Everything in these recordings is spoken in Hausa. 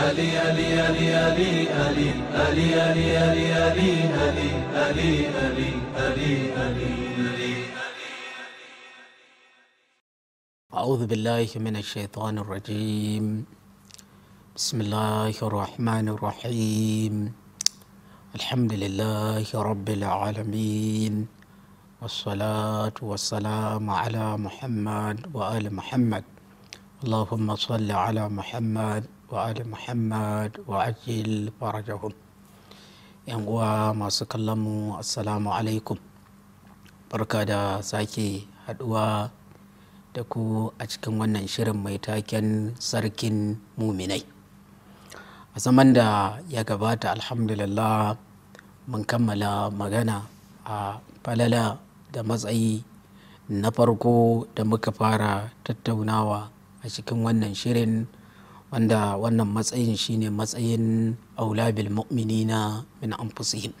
أعوذ بالله من الشيطان الرجيم بسم الله الرحمن الرحيم الحمد لله رب العالمين والصلاة والسلام على محمد وآل محمد اللهم صل على محمد وآل Muhammad wa ajil farajahum yan uwa masu kallonmu assalamu alaikum barka da sake haduwa da ku a cikin wannan shirin mai taken sarkin muminai a zaman da ya gabata alhamdulillah mun kammala magana a falala da matsayi na farko da muka fara tattaunawa a cikin wannan shirin wanda wannan matsayin shine matsayin aulabil mu'mini mu'minina min anfusihim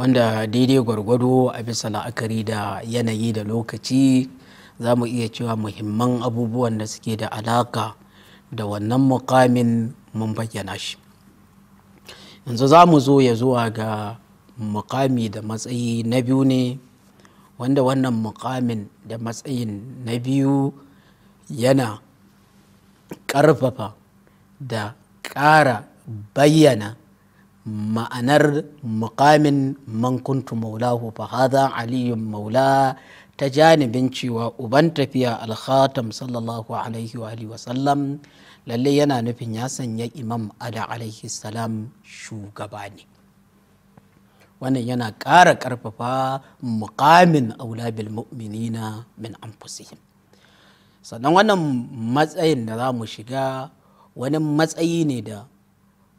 wanda daidai gwargwado a bisa la'akari da yanayi da lokaci za mu iya cewa muhimman abubuwan da suke da alaka da wannan mukamin mun bayyana shi yanzu za mu zo ya zuwa ga mukami da matsayi na biyu ne wanda wannan mukamin da matsayin na biyu yana ƙarfafa da ƙara bayyana ma'anar muƙamin mankuntu maulahu fa hadha aliyun maula ta janibin cewa uban tafiya alkhatam sallallahu alaihi wa alihi wasallam lalle yana nufin ya sanya imam ala alaihi salam shugaba ne wannan yana ƙara ƙarfafa muƙamin aula bil mu'minina min anfusihim sannan wannan matsayin da za mu shiga wani matsayi ne da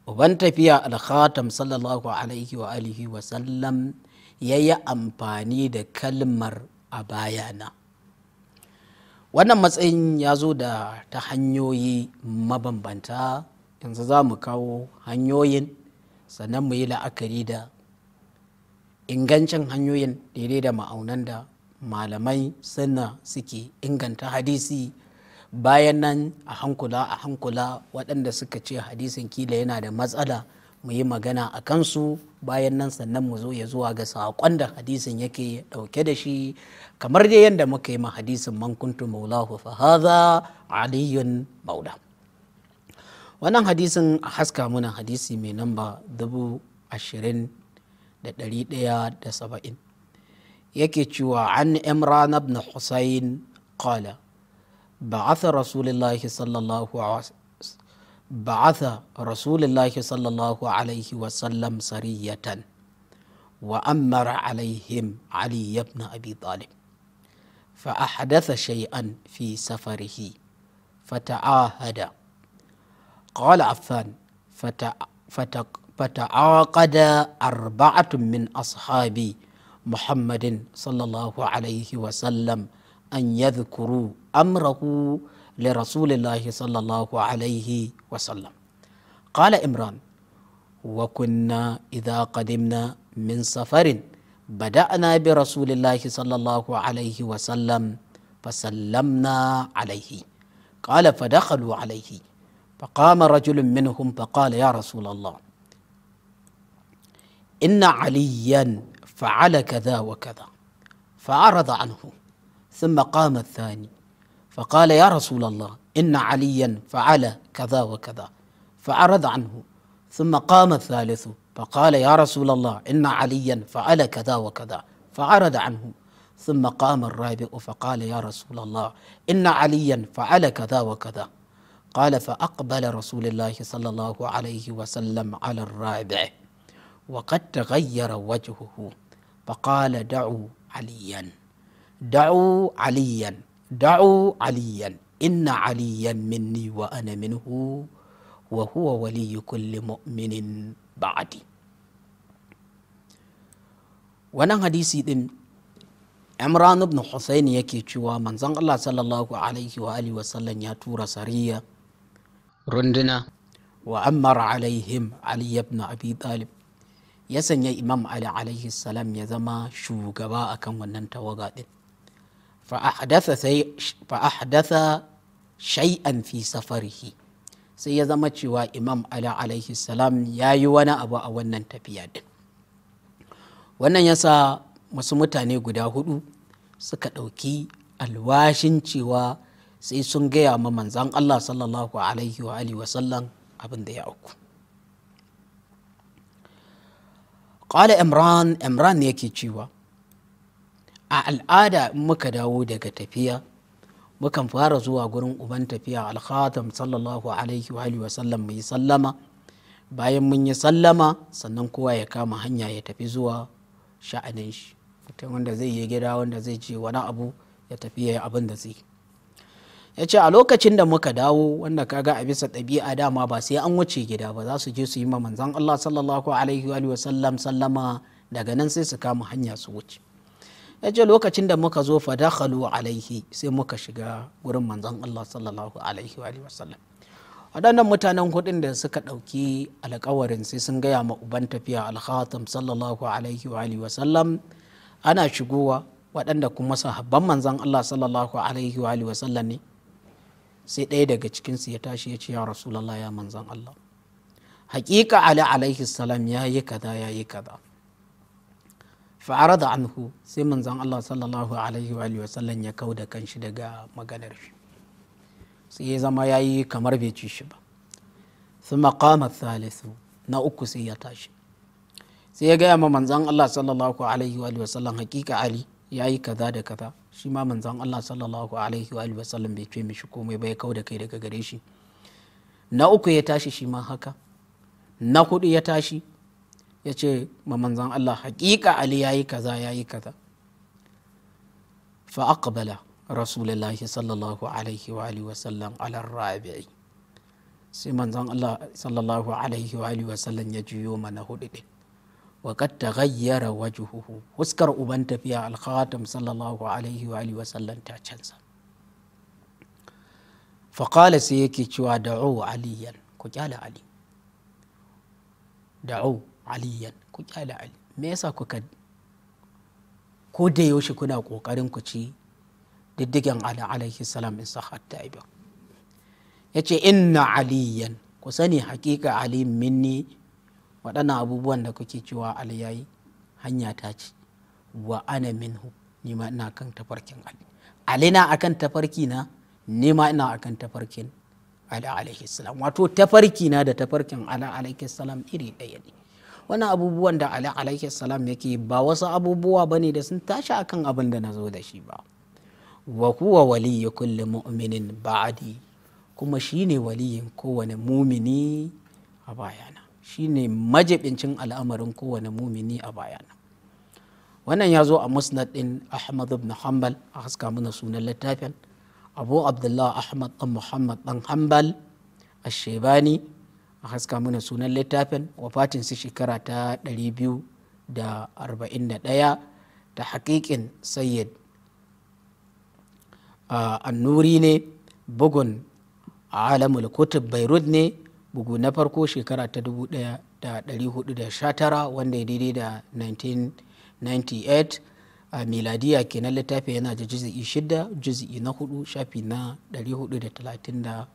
uban tafiya alkhatam sallallahu alaihi wa alihi wa sallam ya yi amfani da kalmar a bayana wannan matsayin ya zo da ta hanyoyi mabambanta yanzu za mu kawo hanyoyin sannan mu yi la'akari da ingancin hanyoyin daidai da ma'aunan da malamai suna suke inganta hadisi bayan nan a hankula a hankula waɗanda suka ce hadisin kila yana da matsala mu yi magana a kansu bayan nan sannan mu zo ya zuwa ga saƙon da hadisin yake ɗauke da shi kamar dai yadda muka yi ma hadisin man kuntu maulahu fahaza aliyun maula wannan hadisin a haska muna hadisi mai namba dubu ashirin da ɗari ɗaya da saba'in yake cewa an imran ibn husayn qala ba'atha rasulullahi sallallahu ba'atha rasulullahi sallallahu alaihi wa sallam sariyatan wa amara alaihim ali ibn abi talib فأحدث شيئا في سفره فتعاهد قال عفان فتعاقد أربعة من أصحابي محمد صلى الله عليه وسلم أن يذكروا أمره لرسول الله صلى الله عليه وسلم قال إمران وكنا إذا قدمنا من سفر بدأنا برسول الله صلى الله عليه وسلم فسلمنا عليه قال فدخلوا عليه فقام رجل منهم فقال يا رسول الله إن عليا فعل كذا وكذا فعرض عنه ثم قام الثاني فقال يا رسول الله إن عليا فعل كذا وكذا فعرض عنه ثم قام الثالث فقال يا رسول الله إن عليا فعل كذا وكذا فعرض عنه ثم قام الرابع فقال يا رسول الله إن عليا فعل كذا وكذا قال فأقبل رسول الله صلى الله عليه وسلم على الرابع وقد تغير وجهه فقال دعوا عليا دعوا عليا دعوا عليا إن عليا مني وأنا منه وهو ولي كل مؤمن بعدي وانا حديثي دم عمران بن حسين يكي شوى من زنق الله صلى الله عليه وآله وسلم يطور سريا رندنا وأمر عليهم علي بن أبي طالب ya sanya imam ali alaihi salam ya zama shugaba akan wannan tawaga din fa'ahdatha shay'an fi safarihi sai ya zama cewa imam ali alaihi salam ya yi wani abu a wannan tafiya din wannan sa wasu mutane guda hudu suka ɗauki alwashin cewa sai sun gaya ma manzan allah sallallahu alaihi wa sallam abin da ya auku ƙwada imran imran ne yake cewa a al'ada in muka dawo daga tafiya mukan fara zuwa gurin uban tafiya alkhatam sallallahu alaihi wa sallam mai sallama bayan mun yi sallama sannan kowa ya kama hanya ya tafi zuwa sha'anin shi wanda zai yi gida wanda zai ce wani abu ya tafi ya yi abin da zai yi. ya ce a lokacin da muka dawo wanda kaga a bisa ɗabi'a dama ba sai an wuce gida ba za su je su yi ma manzan Allah sallallahu alaihi wa sallam sallama daga nan sai su kama hanya su wuce ya ce lokacin da muka zo fa dakhalu alaihi sai muka shiga gurin manzan Allah sallallahu alaihi wa sallam waɗannan mutanen kuɗin da suka ɗauki alƙawarin sai sun gaya ma uban tafiya alhatam sallallahu alaihi wa sallam ana shigowa waɗanda kuma sahabban manzan Allah sallallahu alaihi wa sallam ne sai ɗaya daga cikinsu ya tashi ya ce ya rasulallah ya manzan Allah haƙiƙa ali alaihi salam ya yi kaza ya yi kaza fa'ara da anhu sai manzan Allah sallallahu alaihi wa sallam ya kau da kanshi daga maganar shi sai ya zama ya yi kamar bai ci shi ba su maƙama thalithu na uku sai ya tashi sai ya gaya ma manzan Allah sallallahu alaihi wa sallam haƙiƙa ali ya yi kaza da kaza shi ma manzan Allah sallallahu alaihi wa sallam bai ce mishi komai ba ya kau da kai daga gare shi na uku ya tashi shi ma haka na hudu ya tashi ya ce ma manzan Allah hakika Ali yayi kaza yayi kaza fa aqbala rasulullahi sallallahu alaihi wa alihi wa sallam ala rabi'i sai manzan Allah sallallahu alaihi wa alihi wa sallam ya juyo mana hudu din wa qad taghayyara wajhuhu huskar uban tafiya al-khatam sallallahu alaihi wa alihi wa sallam ta canza faƙala sai yake cewa da'u aliyan ku kyala ali da'u aliyan ku kyala ali me yasa kuka ko da yaushe kuna ƙoƙarin ku ci diddigen ala alaihi salam in sahat ta'ibin ya ce inna aliyan ku sani hakika ali minni waɗannan abubuwan da kuke cewa ali yayi hanya ta ce wa ana minhu ni ina kan tafarkin ali ali na akan tafarki na ni ma ina akan tafarkin ali alaihi salam wato tafarki na da tafarkin ali alaihi salam iri ɗaya ne wannan abubuwan da ali alaihi salam yake ba wasu abubuwa bane da sun tashi akan abin da na zo da shi ba wa huwa waliyyu kulli mu'minin ba'adi kuma shine waliyin kowane mumini a bayana shine majibincin al'amarin kowane mumini a bayana wannan ya zo a musnad din ahmad ibn hanbal a haska mana sunan littafin abu abdullah ahmad dan muhammad dan hanbal ashebani a haska mana sunan littafin wafatin su shekara ta 241 ta haƙiƙin sayyid ah, annuri ne bugun alamul kutub beirut ne bugu na farko shekara ta 1419 wanda ya daidai da 1998 a miladiya kenan littafi yana da juzi'i shida juzi'i na hudu shafi na 437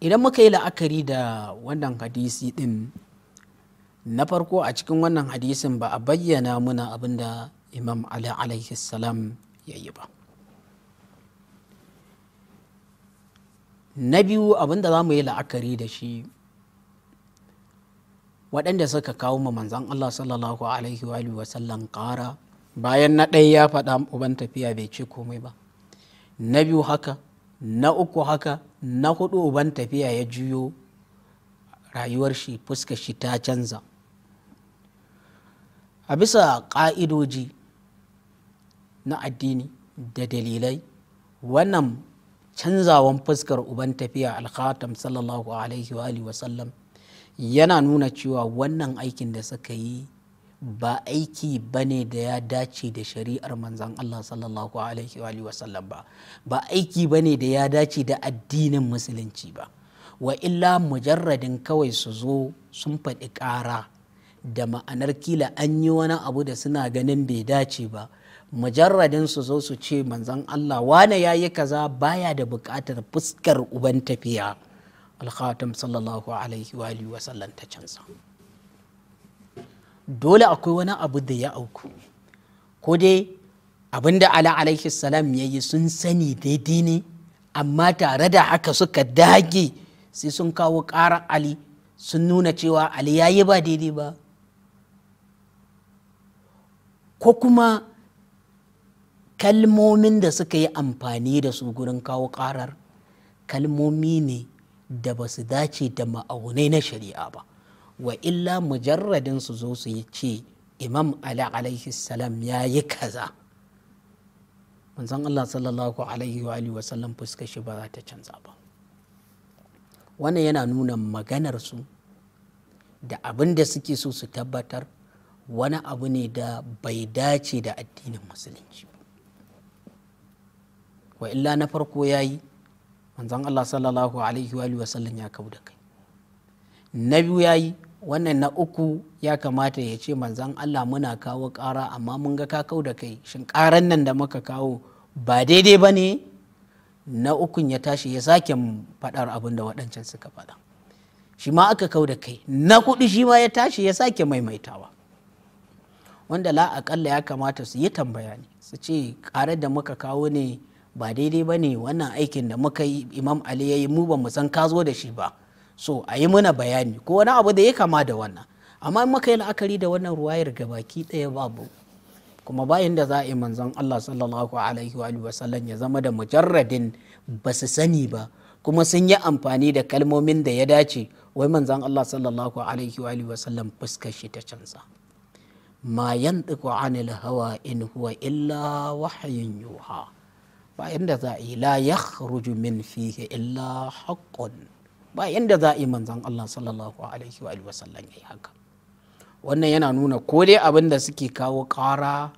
idan muka yi la'akari da wannan hadisi din na farko a cikin wannan hadisin ba a bayyana muna abinda imam ali alaihi salam ya yi ba na biyu abinda za mu yi la'akari da shi waɗanda suka kawo ma manzan Allah sallallahu alaihi wa sallam ƙara bayan na ɗaya ya faɗa uban tafiya bai ce komai ba na biyu haka na uku haka na hudu uban tafiya ya juyo rayuwar shi fuskar shi ta canza a bisa ƙa'idoji na addini da dalilai wannan canzawan fuskar uban tafiya alkhatam sallallahu alaihi wa wasallam yana nuna cewa wannan aikin da suka yi ba aiki ba da ya dace da shari'ar manzan Allah sallallahu alaihi wa wasallam ba ba aiki bane da ya dace da addinin musulunci ba wa illa mujarradin kawai su zo sun faɗi ƙara da ma'anar kila an yi wani abu da suna ganin bai dace ba mujarradin su zo su ce manzan Allah wane ya yi kaza baya da buƙatar fuskar uban tafiya alkhatam sallallahu alaihi wa alihi wa sallam ta dole akwai wani abu da ya auku ko dai abinda ala alaihi salam ya yi sun sani daidai ne amma tare da haka suka dage sai sun kawo ƙarar ali sun nuna cewa ali ya yi ba daidai ba ko kuma kalmomin da suka yi amfani da su gurin kawo karar kalmomi ne da ba su dace da ma'aunai na shari'a ba wa illa mujarradin su zo su yi ce imam ali alaihi salam ya yi kaza manzon allah sallallahu alaihi wa sallam fuskar shi ba za ta canza ba wannan yana nuna maganar su da abin da suke so su tabbatar wani abu ne da bai dace da addinin musulunci wa illa na farko ya yi manzan Allah sallallahu alaihi wa sallam ya kau da kai na biyu ya yi wannan na uku ya kamata ya ce manzan Allah muna kawo kara amma mun ga ka kau da kai shin ƙaran nan da muka kawo ba daidai ba ne na ukun ya tashi ya sake faɗar abin da waɗancan suka faɗa shi ma aka kau da kai na kuɗi shi ma ya tashi ya sake maimaitawa wanda la aƙalla ya kamata su yi tambaya ne su ce ƙarar da muka kawo ne ba daidai ba ne wannan aikin da muka yi imam ali ya yi mu ba mu san ka zo da shi ba so a yi mana bayani ko wani abu da ya kama da wannan amma in muka yi la'akari da wannan ruwayar gabaki ɗaya babu kuma bayan da za a yi manzon Allah sallallahu alaihi wa sallam ya zama da mujarradin ba su sani ba kuma sun yi amfani da kalmomin da ya dace wai manzon Allah sallallahu alaihi wa sallam fuskar shi ta canza ma yantiqu anil hawa in huwa illa wahayin yuha ba yanda za a yi la yakhruju min fihi illa haqqun ba yanda za a yi manzon Allah sallallahu alaihi wa alihi wasallam yayi haka wannan yana nuna ko dai abin da suke kawo ƙara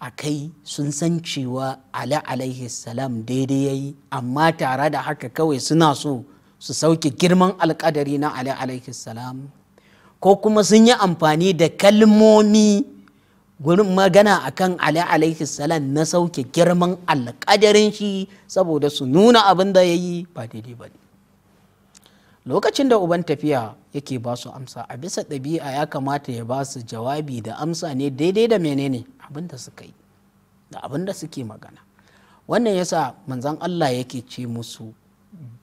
a kai sun san cewa ala alaihi salam daidai yayi amma tare da haka kawai suna so su sauke girman alƙadari na ala alaihi salam ko kuma sun yi amfani da kalmomi gurin magana akan ali alaihi salam na sauke girman alƙadarin shi saboda su nuna abin da ya yi ba daidai ba ne lokacin da uban tafiya yake ba su amsa a bisa ɗabi'a ya kamata ya ba su jawabi da amsa ne daidai da menene abin da suka yi da abin da suke magana wannan yasa manzan allah yake ce musu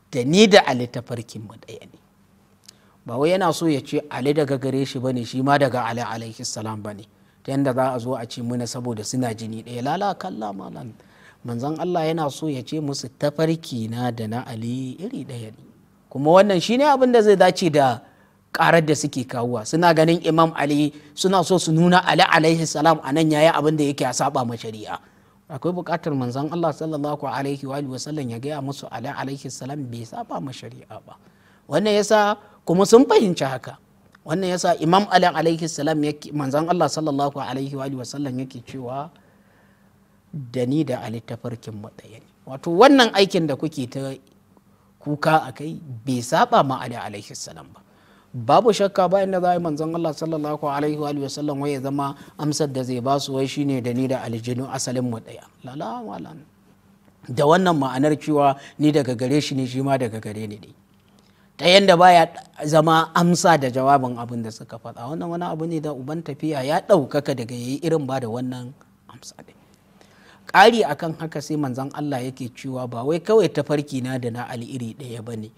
da ni da ali mu ɗaya ne ba wai yana so ya ce ali daga gare shi bane shi ma daga ali alaihi salam bane ta yadda za a zo a ce muna saboda suna jini ɗaya lala kalla malam manzan Allah yana so ya ce musu tafarki na da na Ali iri ɗaya ne kuma wannan shi ne abin da zai dace da karar da suke kawuwa suna ganin imam ali suna so su nuna ali alaihi salam a nan yayi abin da yake a saba ma shari'a akwai buƙatar manzan Allah sallallahu alaihi wa sallam ya gaya musu ali alaihi salam bai saba ma shari'a ba wannan yasa kuma sun fahimci haka wannan yasa imam ali alaihi salam yake manzon Allah sallallahu alaihi wa sallam yake cewa da ni da ali tafarkin mu ɗaya ne wato wannan aikin da kuke ta kuka a kai bai saba ma ali alaihi salam ba babu shakka bayan da za a yi manzon Allah sallallahu alaihi wa sallam wai ya zama amsar da zai ba su wai shine da ni da aljinu asalin mu daya wala da wannan ma'anar cewa ni daga gare shi ne shi ma daga gare ni dai. ta yadda baya zama amsa da jawabin abin da suka faɗa wannan wani abu ne da uban tafiya ya ɗaukaka daga yayi irin ba da wannan amsa ne ƙari akan haka sai manzon Allah yake cewa ba wai kawai tafarki na da na al'iri ɗaya ba ne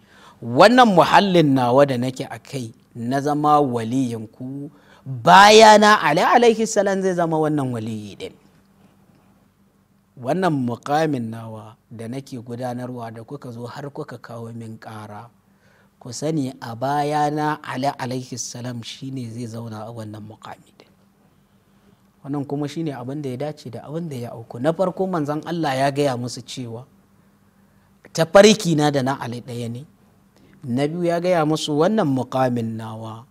wannan muhallin nawa da nake a kai na zama ku bayana ali alaihi salam zai zama wannan waliyi ɗin wannan mukamin nawa da nake gudanarwa da kuka zo har kuka kawo min ƙara ku sani a baya na ali alaihi salam shine zai zauna a wannan mukami wannan kuma shine abin da ya dace da abin da ya auku na farko manzon Allah ya gaya musu cewa tafarki na da na ali ɗaya ne na biyu ya gaya musu wannan mukamin nawa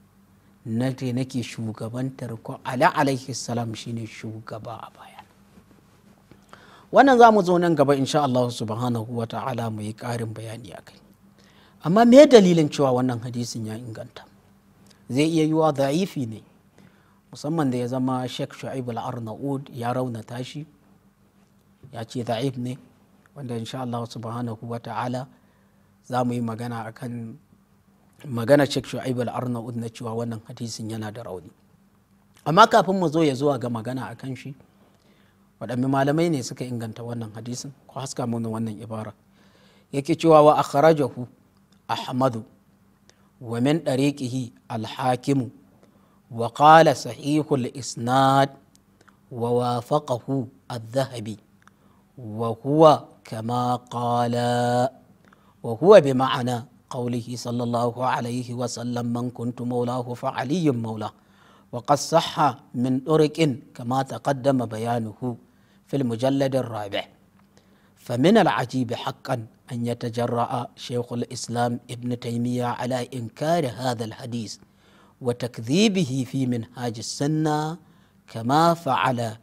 na nake shugabantar ko ala alaihi salam shine shugaba a baya wannan za mu zo nan gaba insha Allah subhanahu wa ta'ala mu yi ƙarin bayani a kai amma me dalilin cewa wannan hadisin ya inganta zai iya yiwa za'ifi ne musamman da ya zama sheikh shu'aib al-arnaud ya raunata shi ya ce za'if ne wanda insha Allah subhanahu wa ta'ala za mu yi magana akan magana sheikh shu'aib al-arnaud na cewa wannan hadisin yana da rauni amma kafin mu zo ya zuwa ga magana akan shi waɗanne malamai ne suka inganta wannan hadisin ko haska mana wannan ibara yake cewa wa akhrajahu أحمد ومن طريقه الحاكم وقال صحيح الإسناد ووافقه الذهبي وهو كما قال وهو بمعنى قوله صلى الله عليه وسلم من كنت مولاه فعلي مولاه وقد صح من طرق كما تقدم بيانه في المجلد الرابع فمن العجيب حقا أن يتجرأ شيخ الإسلام ابن تيمية على إنكار هذا الحديث وتكذيبه في منهاج السنة كما فعل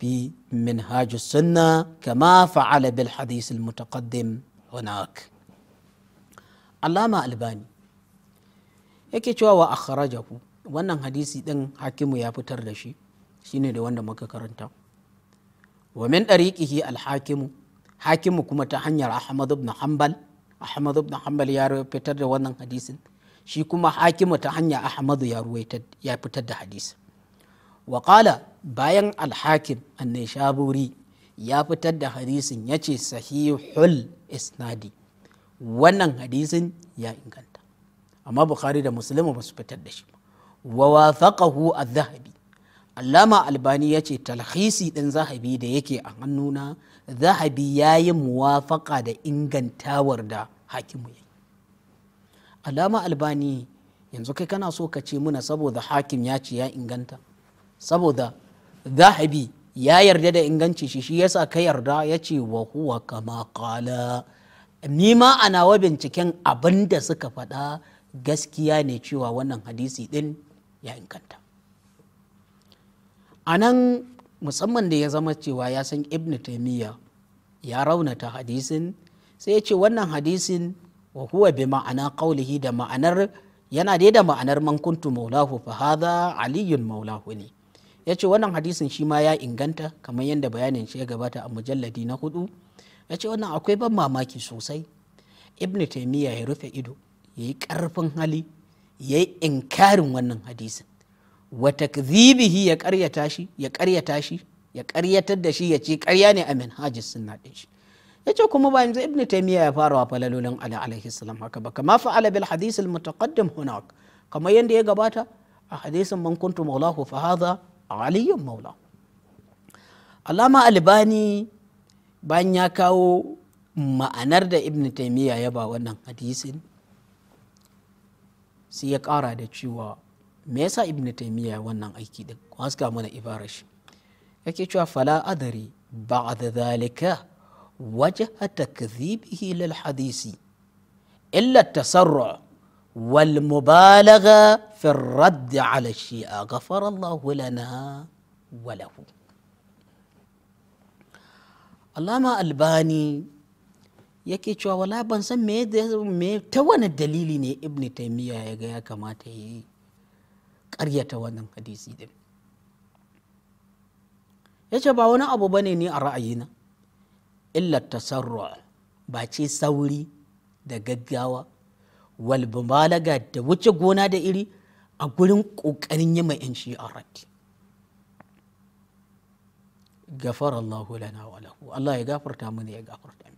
في منهاج السنة كما فعل بالحديث المتقدم هناك علامة الباني yake cewa wa akhrajahu wannan hadisi din hakimu ya fitar da shi shine da wanda muka karanta wa min dariqihi al-hakimu hakimu kuma ta hanyar ahmad ibn hanbal ahmad ibn hanbal ya fitar da wannan hadisin shi kuma hakimu ta hanyar ahmadu ya ya fitar da hadisin wa bayan Al-Hakim annai shaburi ya fitar da hadisin yace sahihul isnadi wannan hadisin ya inganta amma bukhari da muslim ba su fitar da shi wa wathaqahu az-zahabi allama albani yace talhisi din zahabi da yake a hannuna zahabi ya yi muwafaka da ingantawar da hakimu ya alama albani yanzu kai kana so ka ce muna saboda hakim ya ce ya inganta saboda zahabi ya yarda da inganci shi shi yasa ka yarda ya ce wa huwa kama kala ni ma a nawa binciken abin da suka faɗa gaskiya ne cewa wannan hadisi din ya inganta a nan musamman da ya zama cewa ya san ibn taimiyya ya raunata hadisin sai ya ce wannan hadisin wa huwa bi ma'ana qaulihi da ma'anar yana dai da ma'anar man kuntu maulahu fa hadha aliyun maulahu ne ya ce wannan hadisin shi ma ya inganta kamar yadda bayanin shi ya gabata a mujalladi na hudu ya ce wannan akwai ban mamaki sosai ibn taimiyya ya rufe ido ya yi karfin hali ya yi inkarin wannan hadisin wa takdhibihi ya karyata shi ya karyata shi ya karyatar da shi ya ce karya ne a manhajis sunna din shi yace kuma ba yanzu ibnu taymiya ya fara wa falalolin ala alaihi salam haka ba kama fa'ala bil hadith al mutaqaddim hunak kamar yanda ya gabata a hadisin man kuntu maulahu fa hadha aliyyun maula alama albani bayan ya kawo ma'anar da ibnu taymiya ya ba wannan hadisin sai ya kara da cewa me yasa ibn taymiya wannan aiki din haska mana ibarar shi yake cewa fala adari ba'da dhalika wajha takdhibihi lal hadisi illa tasarru wal mubalagha fi ar-radd 'ala shi'a ghafara Allahu lana wa lahu Albani yake cewa wala ban san me ta wani dalili ne ibn taymiya ya ga ya kamata yi karyata wannan hadisi din ya ce ba wani abu bane ni a ra'ayina illa tasarra ba ce sauri da gaggawa wal da wuce gona da iri a gurin ƙoƙarin yi mai yan shiarati raddi gafara Allah lana wa Allah ya gafarta mana ya gafarta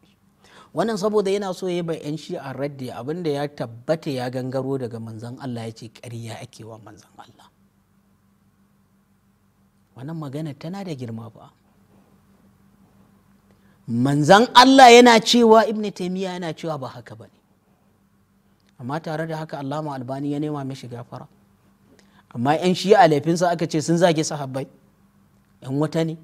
wannan saboda yana so ya bai yan shi'a raddi abinda ya tabbata ya gangaro daga manzan Allah ya ce ƙarya ake wa manzan Allah wannan magana tana da girma ba manzan Allah yana cewa ibn taimiyya yana cewa ba haka ba ne amma tare da haka Allah albani ya nema mishi gafara amma 'yan shi'a laifinsa aka ce sun zage sahabbai 'yan wata ne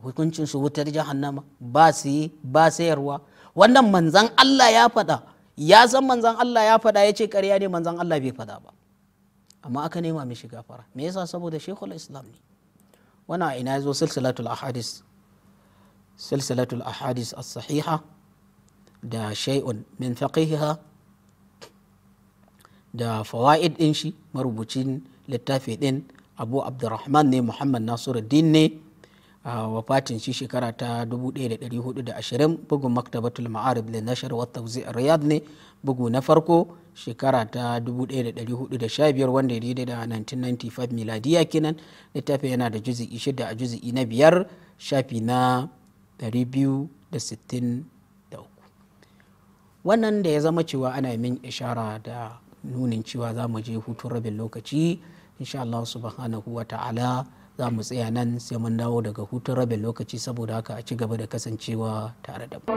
hukuncinsu wutar jahannama ba su yi ba sayarwa wannan manzan Allah ya faɗa ya san manzan Allah ya faɗa ya ce ƙarya ne manzan Allah bai faɗa ba amma aka nema mishi gafara me yasa saboda shekul islam ne wannan a ina ya zo silsilatul ahadis silsilatul ahadis as-sahiha da shay'un min faqihiha da fawaid din shi marubucin littafi din abu abdurrahman ne muhammad nasiruddin ne a wafatin shi shekara ta 1420 bugun maktabatul ma'arib da nashar wata riyad ne bugu na farko shekara ta 1415 wanda ya daidai da 1995 miladiya kenan littafi yana da juzi'i shida a juzi'i na biyar shafi na 263 wannan da ya zama cewa ana min ishara da nunin cewa za mu je hutun rabin lokaci insha Allah subhanahu wa ta'ala za mu tsaya nan sai mun dawo daga hutun rabin lokaci saboda haka a ci gaba da kasancewa tare da mu.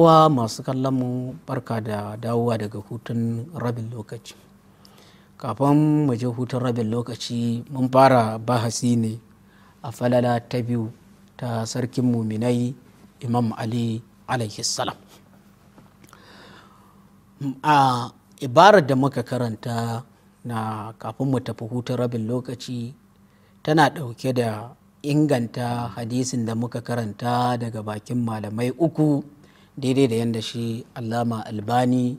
uwa masu kallon mu barka da dawowa daga hutun rabin lokaci kafin mu je hutun rabin lokaci mun fara bahasi ne a falala ta biyu ta sarkin muminai imam ali alaihi salam a ibarar da muka karanta na kafin mu tafi hutun rabin lokaci tana ɗauke da inganta hadisin da muka karanta daga bakin malamai uku daidai da yadda shi allama albani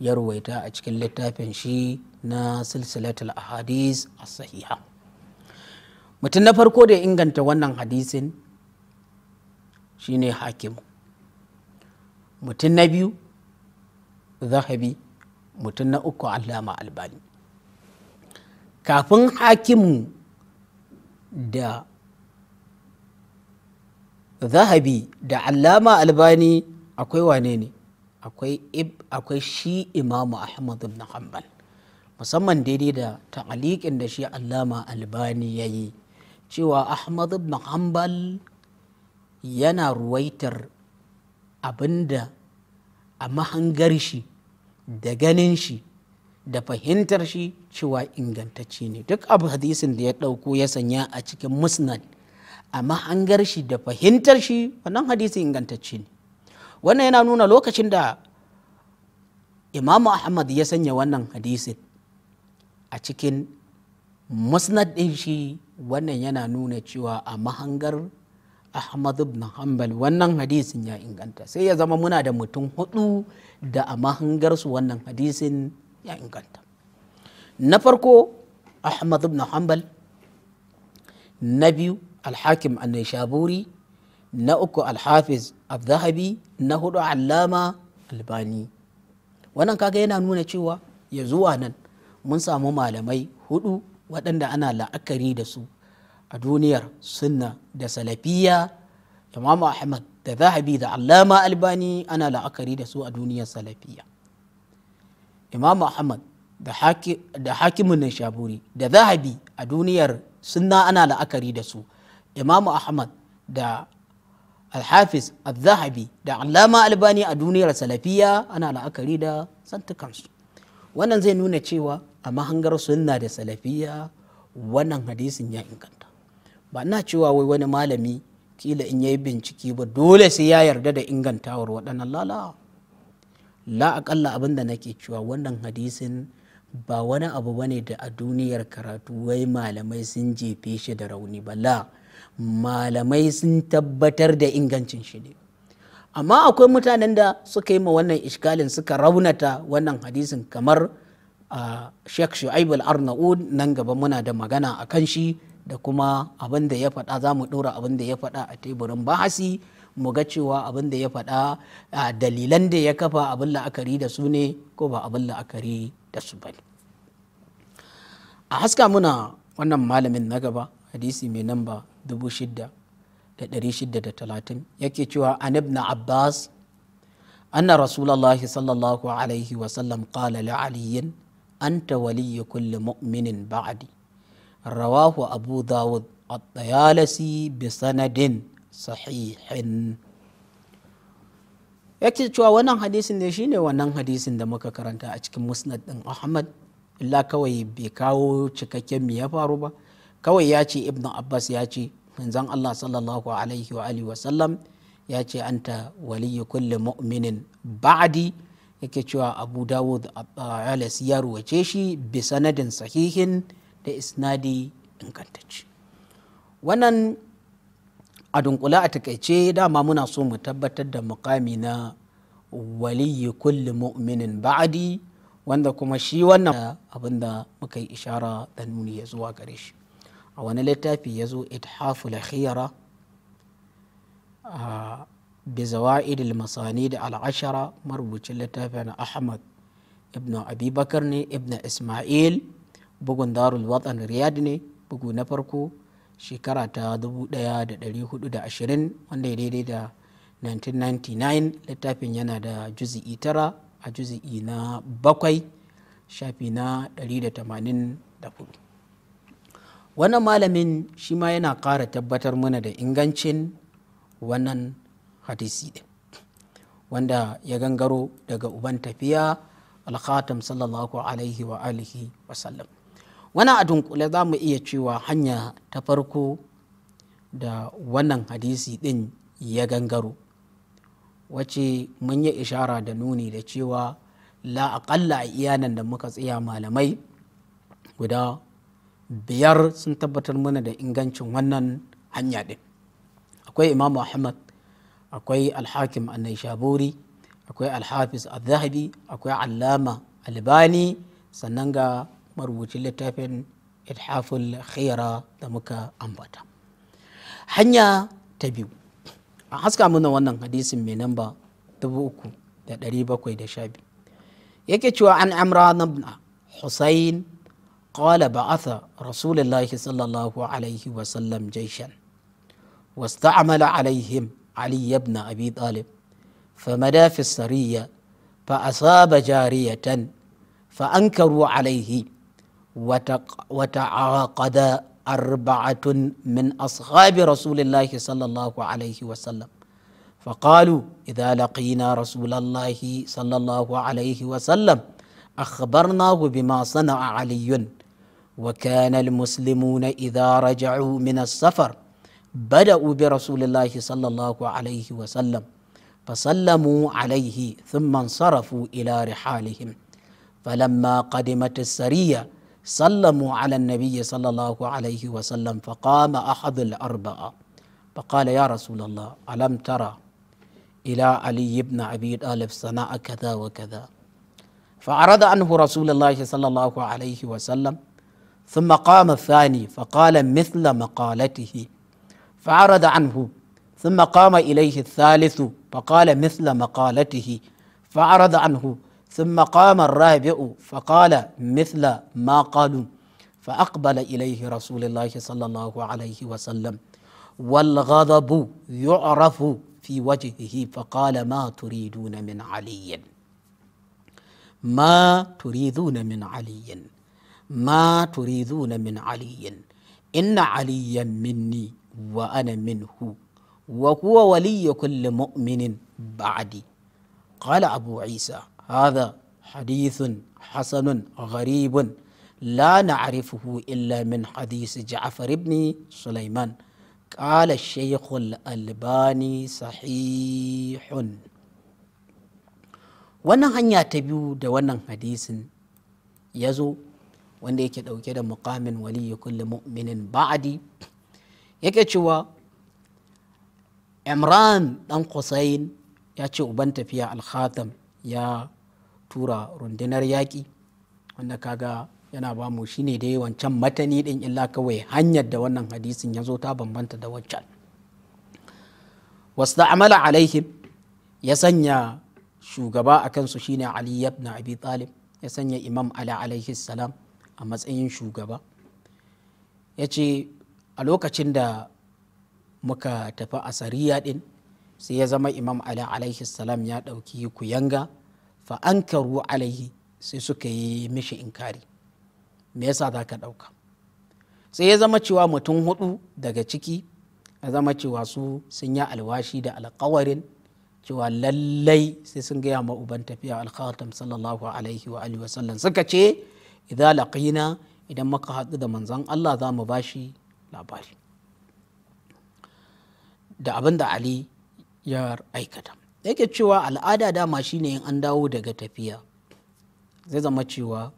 ya ruwaita a cikin littafin shi na silsilatul ahadis a sahiha mutum na farko da ya inganta wannan hadisin shine hakim mutum na biyu zahabi mutum na uku allama albani kafin hakimu da zahabi da allama albani akwai wane ne akwai shi imamu ahmad ibn hanbal musamman daidai da ta'aliƙin da shi allama albani ya yi cewa ahmad ibn hanbal yana ruwaitar abinda a mahangar shi da ganin shi da fahimtar shi cewa ingantacce ne duk abu hadisin da ya ɗauko ya sanya a cikin musnad a mahangar shi da fahimtar shi wannan hadisin ingantacce ne wannan yana nuna lokacin da imamu ahmad ya sanya wannan hadisin a cikin musnad ɗin shi wannan yana nuna cewa a mahangar ahmad ibn hanbal wannan hadisin ya inganta sai ya zama muna da mutum hudu da a mahangarsu wannan hadisin ya inganta na farko ahmad ibn hanbal na biyu alhakim an-nishaburi na uku alhafiz abdahabi na hudu allama albani wannan kaga yana nuna cewa ya zuwa nan mun samu malamai hudu waɗanda ana la'akari da su a duniyar sunna da salafiya imamu ahmad da zahabi da allama albani ana la'akari da su a duniyar salafiya imamu ahmad da hakimin shaburi da zahabi a duniyar sunna ana la'akari da su imamu ahmad da alhafiz al-zahabi da allama albani a duniyar salafiya ana la'akari da santukansu wannan zai nuna cewa a mahangar sunna da salafiya wannan hadisin ya inganta ba na cewa wai wani malami kila in yayi bincike ba dole sai ya yarda da ingantawar waɗannan lala la aƙalla abin da nake cewa wannan hadisin ba wani abu bane da a duniyar karatu wai malamai sun jefe shi da rauni ba la malamai sun tabbatar da ingancin shi ne amma akwai mutanen da suka yi ma wannan ishkalin suka raunata wannan hadisin kamar sheikh shu'aib al-arnaud nan gaba muna da magana a kan shi da kuma abin da ya faɗa za mu ɗora abin da ya faɗa a teburin bahasi mu ga cewa abin da ya faɗa dalilan da ya kafa abin la'akari da su ne ko ba abin la'akari da su ba a haska muna wannan malamin na gaba hadisi mai namba talatin yake cewa an ibn abbas anna rasulallah sallallahu alaihi wasallam qala li aliyin anta waliyu kulli mu'minin ba'di rawahu abu dawud at-tayalisi bi sanadin sahihin yake cewa wannan hadisin ne shine wannan hadisin da muka karanta a cikin musnad din ahmad illa kawai bai kawo cikakken me ya faru ba kawai ya ce ibn abbas ya ce manzon allah sallallahu alaihi wa alihi wasallam ya ce anta waliyu kulli mu'minin ba'di yake cewa abu dawud alas ya ruwace shi bi sanadin sahihin da isnadi ingantacci wannan a dunkula a takaice dama muna so mu tabbatar da mukami na waliyyi kulli mu'minin ba'adi wanda kuma shi wannan abinda muka yi ishara da nuni ya zuwa gare shi a wani littafi ya zo ithaful khiyara bi zawa'id al-masani da al-ashara marubucin littafin ahmad ibn abubakar ne ibn isma'il bugun darul watan riyad ne bugu na farko shekara ta 1420 wanda ya daidai da 1999 littafin yana da juzi'i tara a juzi'i na bakwai shafi na 184 wannan malamin shi ma yana kara tabbatar mana da ingancin wannan hadisi ɗin wanda ya gangaro daga uban tafiya alkhatam sallallahu alaihi wa alihi wa sallam wani a dunkule za mu iya cewa hanya ta farko da wannan hadisi ɗin ya gangaro wace mun yi ishara da nuni da cewa la aƙalla a iyanan da muka tsaya malamai guda biyar sun tabbatar mana da ingancin wannan hanya ɗin akwai imamu ahmad akwai alhakim shaburi akwai alhafiz al-zahabi akwai allama albani sannan ga marubucin littafin ilhafin khira da muka ambata hanya ta biyu a haska muna wannan hadisin mai namba 3712 yake cewa an amra na husayn قال بعث رسول الله صلى الله عليه وسلم جيشا واستعمل عليهم علي بن أبي طالب فمدى في السرية فأصاب جارية فأنكروا عليه وتعاقد أربعة من أصحاب رسول الله صلى الله عليه وسلم فقالوا إذا لقينا رسول الله صلى الله عليه وسلم أخبرناه بما صنع علي وكان المسلمون إذا رجعوا من السفر بدأوا برسول الله صلى الله عليه وسلم فسلموا عليه ثم انصرفوا إلى رحالهم فلما قدمت السرية سلموا على النبي صلى الله عليه وسلم فقام أحد الأربعة فقال يا رسول الله ألم ترى إلى علي بن أبي طالب صنع كذا وكذا فعرض عنه رسول الله صلى الله عليه وسلم ثم قام الثاني فقال مثل مقالته فعرض عنه ثم قام إليه الثالث فقال مثل مقالته فعرض عنه ثم قام الرابع فقال مثل ما قالوا فأقبل إليه رسول الله صلى الله عليه وسلم والغضب يعرف في وجهه فقال ما تريدون من علي ما تريدون من علي ma turiduna min aliyin inna aliyan minni wa ana minhu wa huwa waliyyu kulli mu'minin ba'di qala abu isa hadha hadithun hasanun gharibun la na'rifuhu illa min hadisi ja'far ibn sulaiman قال الشيخ الألباني صحيح wani hanya ta biyu da wannan hadisin ya zo wanda yake ɗauke da mukamin waliyu kulli mu'minin ba'adi yake cewa imran dan kusayin ya ce uban tafiya al ya tura rundunar yaƙi wanda kaga yana ba mu da dai wancan matani din illa kawai hanyar da wannan hadisin ya zo ta bambanta da waccan wasta'amala alaihim ya sanya shugaba a kansu shine ali ibn abi talib ya sanya imam ala alaihi salam a matsayin shugaba ya ce a lokacin da muka tafi a sariya din sai ya zama imam ali alaihi salam ya ɗauki kuyanga fa an karu alaihi sai suka yi mishi inkari me yasa za ka ɗauka sai ya zama cewa mutum hudu daga ciki ya zama cewa su sun yi alwashi da alkawarin cewa lallai sai sun gaya ma uban tafiya alkhatam sallallahu alaihi wa alihi sallan suka ce idza laqina idan muka haɗu da manzon Allah za mu bashi labari da abin da Ali ya aikata yake cewa al'ada dama shine in an dawo daga tafiya zai zama cewa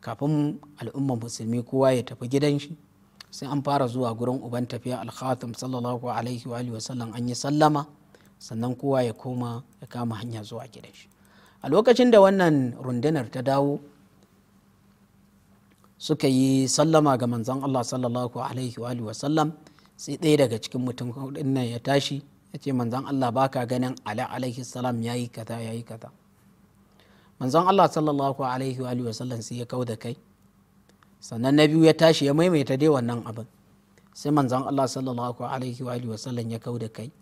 kafin al'umma musulmi kowa ya tafi gidan shi sai an fara zuwa gurin uban tafiya al-khatim sallallahu alaihi wa alihi wasallam an yi sallama sannan kowa ya koma ya kama hanya zuwa gidan shi a lokacin da wannan rundunar ta dawo suka yi sallama ga manzon Allah sallallahu alaihi wa sallam sai ɗaya daga cikin mutum ɗin nan ya tashi ya ce manzon Allah baka ganin ala alaihi salam kata ya yi kata manzon Allah sallallahu alaihi wa sallam sai ya kau da kai sannan na biyu ya tashi ya maimaita dai wannan abin sai manzon Allah sallallahu alaihi wa sallam ya kau da kai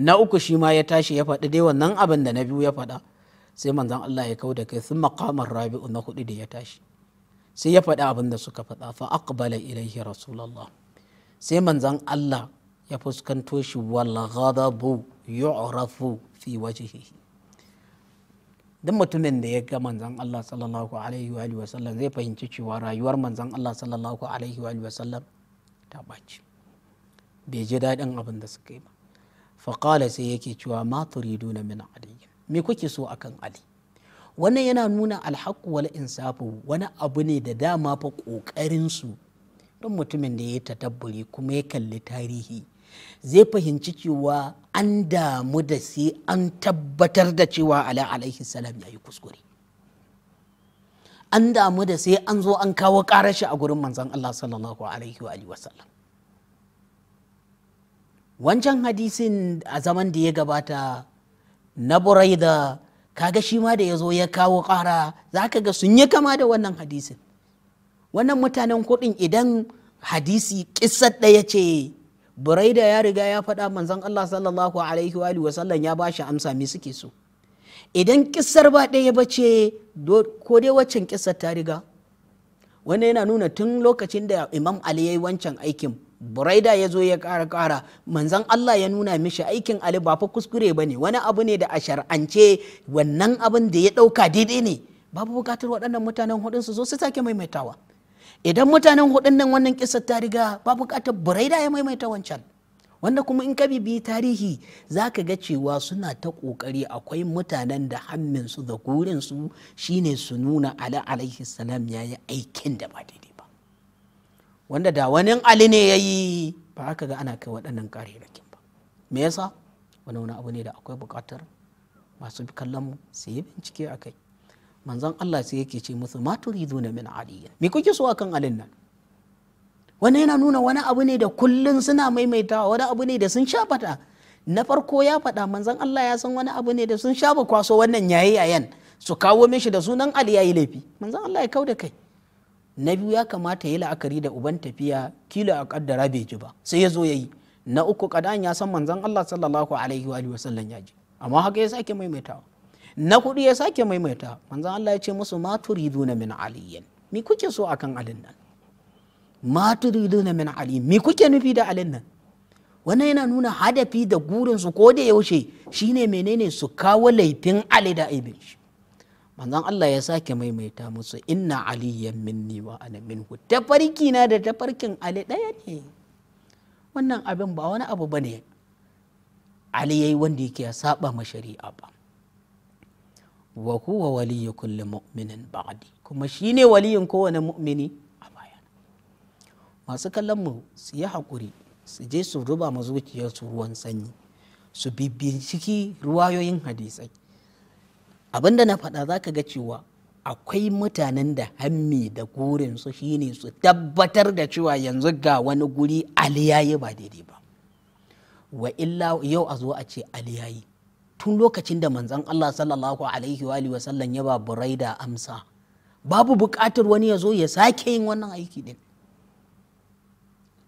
na uku shi ma ya tashi ya faɗi dai wannan abin da na biyu ya faɗa sai manzon Allah ya kau da kai sun maƙamar rabi'u na hudu da ya tashi sai ya faɗi abin da suka faɗa fa aqbala ilaihi rasulullah sai manzan Allah ya fuskanto shi wal ghadabu yu'rafu fi wajhihi duk mutumin da ya ga manzan Allah sallallahu alaihi wa sallam zai fahimci cewa rayuwar manzan Allah sallallahu alaihi wa sallam ta ɓaci bai ji daɗin abin da suka yi ba faƙala sai yake cewa ma turiduna min ali me kuke so akan ali wannan yana nuna alhaku wal insafu wani abu ne da dama fa kokarin su. don mutumin da ya yi tadabburi kuma ya kalli tarihi zai fahimci cewa an damu da sai an tabbatar da cewa ala alaihi salam ya yi kuskure an damu da sai an zo an kawo shi a gurin manzon Allah sallallahu alaihi wa sallam wancan hadisin a zaman da ya gabata na buraida kaga shi ma da ya zo ya kawo kara za ka ga sun yi kama da wannan hadisin wannan mutanen kuɗin idan hadisi ƙisar ɗaya ce buraida ya riga ya faɗa manzon Allah sallallahu alaihi wa sallam ya ya bashi amsa me suke so idan ƙisar ba ɗaya ba ce ko dai waccan kisar ta riga wani yana nuna tun lokacin da imam ali ya yi wancan aikin buraida ya zo ya ƙara ƙara manzan Allah ya nuna mishi aikin ali ba fa kuskure ba ne wani abu ne da a shar'ance wannan abin da ya ɗauka daidai ne babu buƙatar waɗannan mutanen hudun su zo su take maimaitawa idan mutanen hudun nan wannan kisar ta riga babu buƙatar buraida ya maimaita wancan wanda kuma in ka bibi tarihi za ka ga cewa suna ta ƙoƙari akwai mutanen da su da gurin su shine su nuna ali alaihi salam ya aikin da ba daidai wanda da wani ali ne ya yi ba haka ga ana kai waɗannan ƙarerakin ba me yasa wani wani abu ne da akwai buƙatar masu kallon su yi bincike a kai manzon Allah sai yake ce musu maturi zuna min aliyin me kuke so akan alin nan wani yana nuna wani abu ne da kullun suna maimaitawa wani abu ne da sun sha fata na farko ya faɗa manzon Allah ya san wani abu ne da sun sha kwaso wannan yayi yayan su kawo mishi da sunan Ali ya yi laifi manzon Allah ya kau da kai na biyu ya kamata ya yi la'akari da uban tafiya kila a kaddara bai ji ba sai ya zo ya yi na uku kadan ya san manzon Allah sallallahu alaihi wa wasallam ya ji amma haka ya sake maimaitawa na hudu ya sake maimaita manzon Allah ya ce musu ma turiduna min aliyin mi kuke so akan alin nan ma turiduna min ali mi kuke nufi da alin nan wannan yana nuna hadafi da gurin su ko da yaushe shine menene su kawo laifin ali da aibin shi manzon Allah ya sake maimaita musu inna aliyyan minni wa ana minhu farki na da ta farkin ali ɗaya ne wannan abin ba wani abu bane ali yayi wanda yake ya saba ma shari'a ba wa huwa waliyyu kulli mu'minin ba'di kuma shine waliyin kowane mu'mini a baya masu kallon mu su yi hakuri su je su ruba ma zuciyarsu ruwan sanyi su bibinciki ruwayoyin hadisai abin da na faɗa za ka ga cewa akwai mutanen da hammi da gurinsu shine su tabbatar da cewa yanzu ga wani guri aliyayi ba daidai ba wa illa yau a zo a ce aliyayi tun lokacin da manzan Allah sallallahu alaihi wa sallam ya ba buraida amsa babu buƙatar wani ya zo ya sake yin wannan aiki din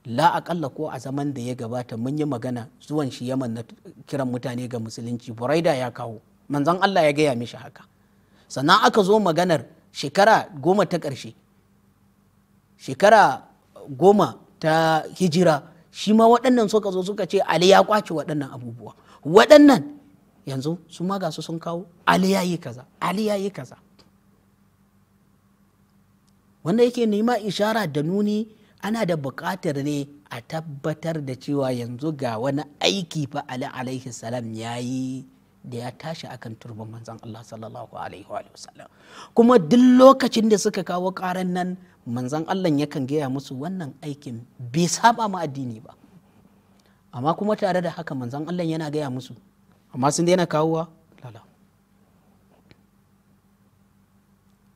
la aƙalla ko a zaman da ya gabata mun yi magana zuwan shi yaman na kiran mutane ga musulunci buraida ya kawo manzon Allah ya gaya mishi haka sannan aka zo maganar shekara goma ta ƙarshe shekara goma ta hijira shi ma waɗannan suka zo suka ce ali ya kwace waɗannan abubuwa waɗannan yanzu su ma gasu sun kawo ali ya yi kaza ali ya yi kaza wanda yake nema ishara da nuni ana da buƙatar ne a tabbatar da cewa yanzu ga wani aiki fa ali alaihi salam ya yi da ya tashi akan turban manzan Allah sallallahu alaihi wa sallam kuma duk lokacin da suka kawo karan nan manzan Allah yakan gaya musu wannan aikin bai saba ma addini ba amma kuma tare da haka manzan Allah yana gaya musu amma sun daina kawowa lala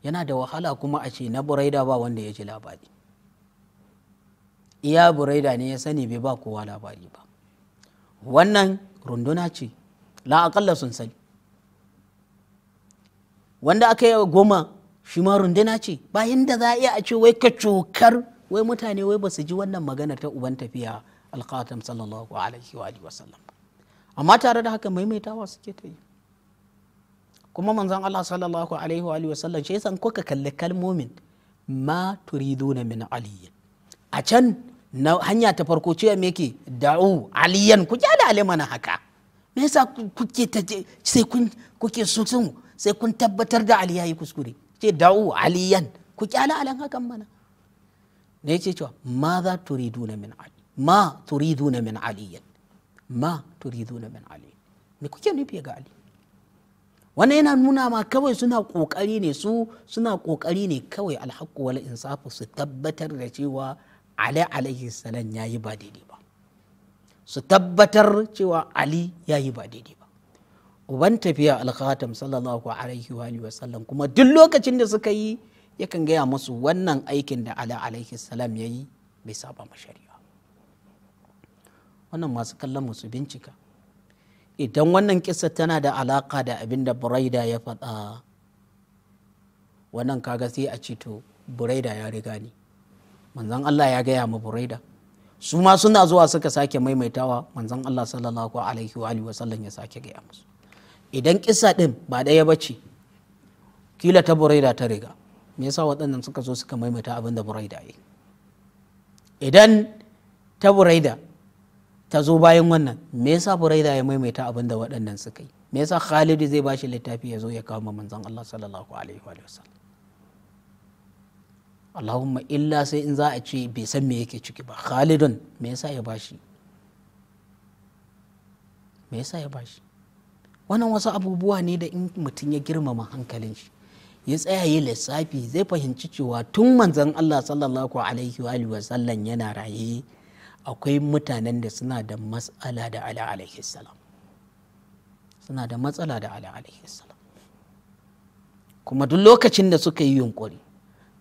yana da wahala kuma a ce na buraida ba wanda ya ji labari iya buraida ne ya sani bai ba kowa labari ba wannan runduna ce la aƙalla sun sani wanda aka yi goma shi ma runduna ce bayan da za a iya a ce wai ka cokar wai mutane wai ba su ji wannan magana ta uban tafiya alkhatam sallallahu alaihi wa sallam amma tare da haka maimaitawa suke ta yi kuma manzon Allah sallallahu alaihi wa sallam shi yasa kuka kalli kalmomin ma turiduna min aliyin a can hanya ta farko ce me ke da'u aliyan ku kyale alimana haka me yasa kuke sai kun kuke sun sai kun tabbatar da ali yayi kuskure ce dawo aliyan ku kyala alan hakan mana ne yace cewa ma za turiduna min ali ma turiduna min aliyan ma turiduna min ali me kuke nufi ga ali wannan yana nuna ma kawai suna kokari ne su suna kokari ne kawai alhaqqu wal insafu su tabbatar da cewa ali alaihi salam yayi ba daidai su tabbatar cewa ali ya yi ba daidai ba uban tafiya alkhatam sallallahu alaihi wa sallam kuma duk lokacin da suka yi yakan gaya musu wannan aikin da ala alaihi salam ya yi bai saba ma wannan masu kallon musu bincika idan wannan kisa tana da alaka da abin da buraida ya faɗa wannan kaga sai a ce to buraida ya riga ni manzon allah ya gaya ma buraida su ma suna zuwa suka sake maimaitawa manzon Allah sallallahu alaihi wa alihi wasallam ya sake gaya musu idan kissa din ba daya bace kila ta buraida ta riga me yasa waɗannan suka zo suka maimaita abin da buraida yi idan ta buraida ta zo bayan wannan me yasa buraida ya maimaita abin da waɗannan suka yi me yasa khalid zai bashi littafi ya zo ya kawo manzon Allah sallallahu alaihi wa sallam Allahumma illa sai in za a ce bai san me yake ciki ba Khalidun me yasa ya bashi me yasa ya bashi wannan wasu abubuwa ne da in mutum ya girmama hankalin shi ya tsaya yi lissafi zai fahimci cewa tun manzon Allah sallallahu alaihi wa alihi wasallam yana raye akwai mutanen da suna da matsala da ala alaihi salam suna da matsala da ala alaihi salam kuma duk lokacin da suka yi yunkuri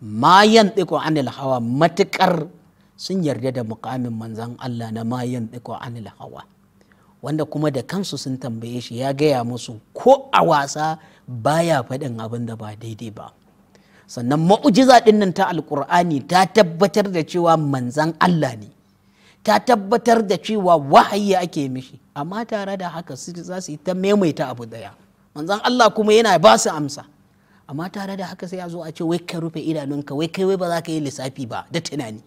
Mayan ɗiko anil hawa matuƙar sun yarda da mukamin manzan Allah na mayan ɗiko anil hawa wanda kuma da kansu sun tambaye shi ya gaya musu ko a wasa baya faɗin abin da ba daidai ba sannan ma'ujiza ɗin nan ta alkur'ani ta tabbatar da cewa manzan Allah ne ta tabbatar da cewa wahayi ake mishi amma tare da haka za su yi ta maimaita abu daya manzan Allah kuma yana ba su amsa amma tare da haka sai a zo a ce wai ka rufe idanunka wai kai wai ba za ka yi lissafi ba da tunani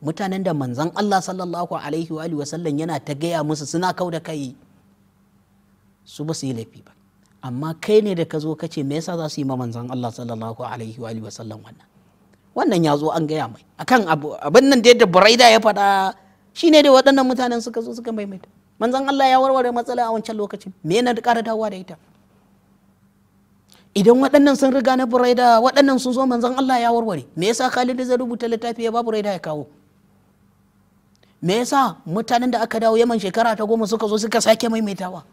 mutanen da manzan Allah sallallahu alaihi wa alihi wasallam yana ta gaya musu suna kau da kai su ba su yi laifi ba amma kai ne da ka zo ka ce me yasa za su yi ma manzan Allah sallallahu alaihi wa alihi wasallam wannan wannan ya zo an gaya mai akan abin nan da yadda Buraida ya faɗa shine da waɗannan mutanen suka zo suka maimaita manzan Allah ya warware matsala a wancan lokacin me yana da ƙara dawowa da ita idan waɗannan sun riga na buraida waɗannan sun zo manzon Allah ya warware me yasa Khalid zai rubuta littafi ya ba buraida ya kawo me yasa mutanen da aka dawo yaman shekara ta goma suka zo suka sake maimaitawa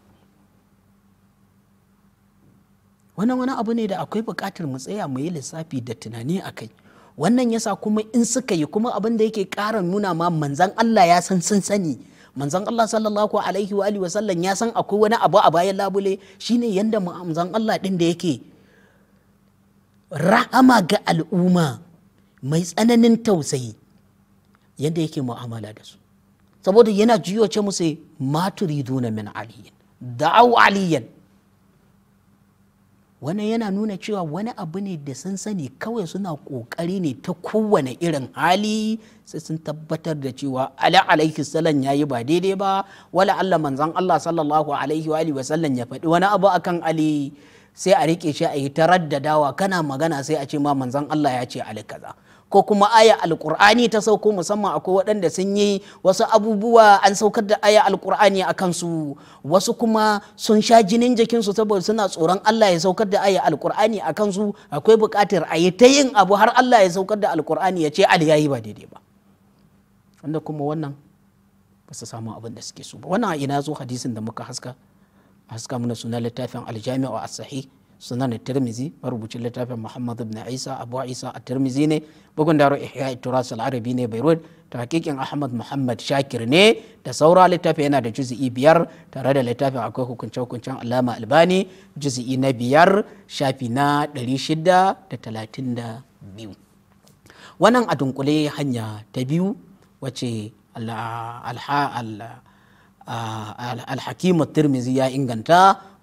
wannan wani abu ne da akwai buƙatar mu tsaya mu yi lissafi da tunani a kai wannan yasa kuma in suka yi kuma abin da yake ƙara nuna ma manzan Allah ya san sun sani manzon Allah sallallahu alaihi wa alihi wasallam ya san akwai wani abu a bayan labule shine yanda manzon Allah din da yake rahama ga al'umma mai tsananin tausayi yanda yake mu'amala da su saboda yana jiyo ce musu maturi min aliyin da'au aliyan wannan yana nuna cewa wani abu ne da sun sani kawai suna kokari ne ta kowane irin hali sai sun tabbatar da cewa ala alaihi ya yi ba daidai ba wala Allah manzan Allah sallallahu alaihi wa alihi sallam ya faɗi wani abu akan Ali sai a rike shi a yi ta raddadawa kana magana sai a ce ma manzan Allah ya ce ali kaza ko kuma aya alkur'ani ta sauko musamman akwai waɗanda sun yi wasu abubuwa an saukar da aya alkur'ani a kansu wasu kuma sun sha jinin jikinsu saboda suna tsoron Allah ya saukar da aya alkur'ani a kansu akwai buƙatar a yi ta yin abu har Allah ya saukar da alkur'ani ya ce al yi ba daidai ba wanda kuma wannan ba su samu abin da suke so ba wannan ina zo hadisin da muka haska haska mana suna littafin aljami'a as-sahih sunan tirmizi marubucin littafin muhammad ibn isa abu isa a tirmizi ne bugun daro ihya turas al-arabi ne beirut ta hakikin ahmad muhammad shakir ne da saura littafi yana da juzi'i biyar tare da littafin akwai hukunce hukuncen alama albani juzi'i na biyar shafi na 632 wannan a dunkule hanya ta biyu wace alhakimu tirmizi ya inganta